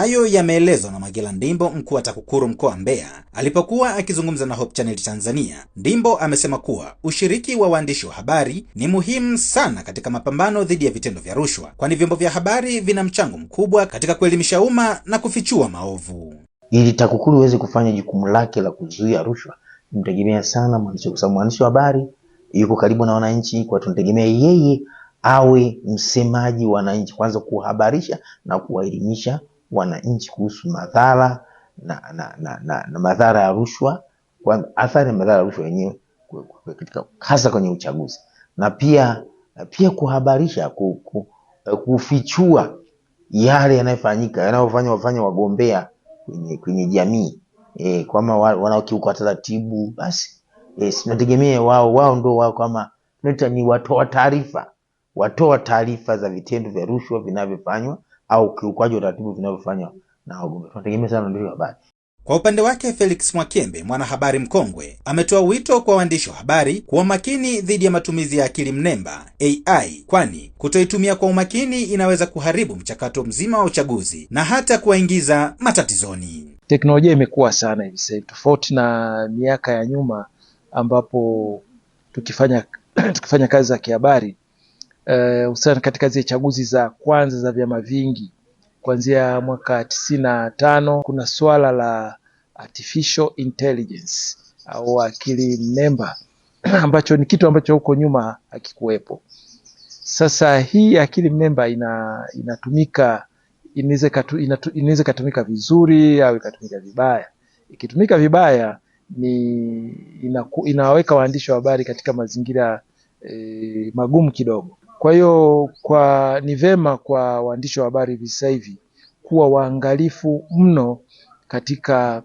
Hayo yameelezwa na Magela Ndimbo, mkuu wa TAKUKURU mkoa Mbeya, alipokuwa akizungumza na Hope Channel Tanzania. Ndimbo amesema kuwa ushiriki wa waandishi wa habari ni muhimu sana katika mapambano dhidi ya vitendo vya rushwa, kwani vyombo vya habari vina mchango mkubwa katika kuelimisha umma na kufichua maovu. Ili TAKUKURU iweze kufanya jukumu lake la kuzuia rushwa, mtegemea sana mwandishi, kwa sababu mwandishi wa habari yuko karibu na wananchi, kwa tunategemea yeye awe msemaji wa wananchi, kwanza kuhabarisha na kuwaelimisha wananchi kuhusu madhara na, na, na, na, na madhara ya rushwa, athari ya madhara ya rushwa yenyewe katika hasa kwenye uchaguzi, na pia pia kuhabarisha ku, ku, kufichua yale yanayofanyika yanayofanywa wafanya wagombea kwenye, kwenye jamii e, kwama wanaokiuka taratibu basi e, sinategemea wao wao ndo wao kama ni watoa taarifa watoa taarifa za vitendo vya rushwa vinavyofanywa au ukiukwaji wa taratibu vinavyofanywa na wabunge. Tunategemea sana waandishi wa habari. Kwa upande wake Felix Mwakembe, mwanahabari mkongwe, ametoa wito kwa waandishi wa habari kuwa makini dhidi ya matumizi ya akili mnemba AI, kwani kutoitumia kwa umakini inaweza kuharibu mchakato mzima wa uchaguzi na hata kuwaingiza matatizoni. Teknolojia imekuwa sana hivi sasa, tofauti na miaka ya nyuma ambapo tukifanya tukifanya kazi za kihabari Eh, hususan uh, katika zile chaguzi za kwanza za vyama vingi kuanzia mwaka tisini na tano. Kuna swala la artificial intelligence au akili mnemba ambacho ni kitu ambacho huko nyuma hakikuwepo. Sasa hii akili mnemba ina, inatumika inaweza ikatumika vizuri au ikatumika vibaya. Ikitumika vibaya ni inaku, inawaweka waandishi wa habari katika mazingira e, magumu kidogo kwa hiyo kwa ni vema kwa waandishi wa habari hivi sasa hivi kuwa waangalifu mno katika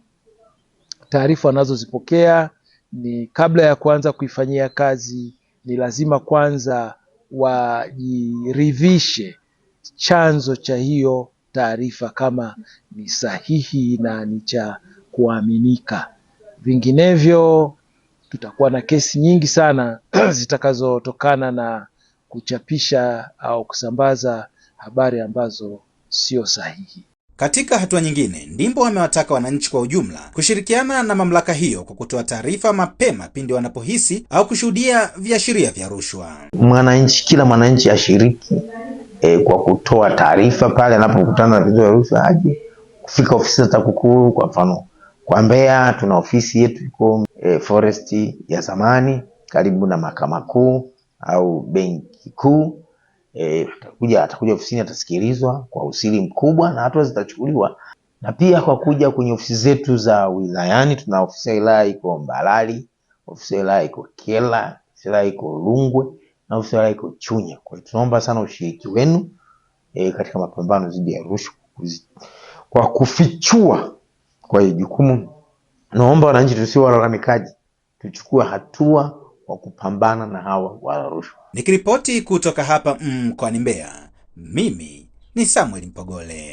taarifa wanazozipokea. Ni kabla ya kuanza kuifanyia kazi, ni lazima kwanza wajiridhishe chanzo cha hiyo taarifa kama ni sahihi na ni cha kuaminika. Vinginevyo tutakuwa na kesi nyingi sana zitakazotokana na kuchapisha au kusambaza habari ambazo sio sahihi. Katika hatua nyingine, Ndimbo amewataka wananchi kwa ujumla kushirikiana na mamlaka hiyo kwa kutoa taarifa mapema pindi wanapohisi au kushuhudia viashiria vya rushwa. Mwananchi, kila mwananchi ashiriki e, kwa kutoa taarifa pale anapokutana na vitu vya rushwa, aje kufika ofisi za TAKUKURU. Kwa mfano kwa Mbeya tuna ofisi yetu iko e, foresti ya zamani karibu na mahakama kuu au benki kuu e, atakuja atakuja ofisini atasikilizwa kwa usiri mkubwa na hatua zitachukuliwa. Na pia kwa kuja kwenye ofisi zetu za wilayani, tuna ofisi ya wilaya iko Mbalali, ofisi ya wilaya iko Kela, ofisi ya wilaya iko Rungwe na ofisi ya wilaya iko Chunya. Kwa hiyo tunaomba sana ushiriki wenu e, katika mapambano dhidi ya rushwa kwa kufichua kwa jukumu. Naomba wananchi tusiwe walalamikaji, tuchukue hatua wa kupambana na hawa wala rushwa. Nikiripoti kutoka hapa mm, mkoani mm, Mbeya, mimi ni Samuel Mpogole.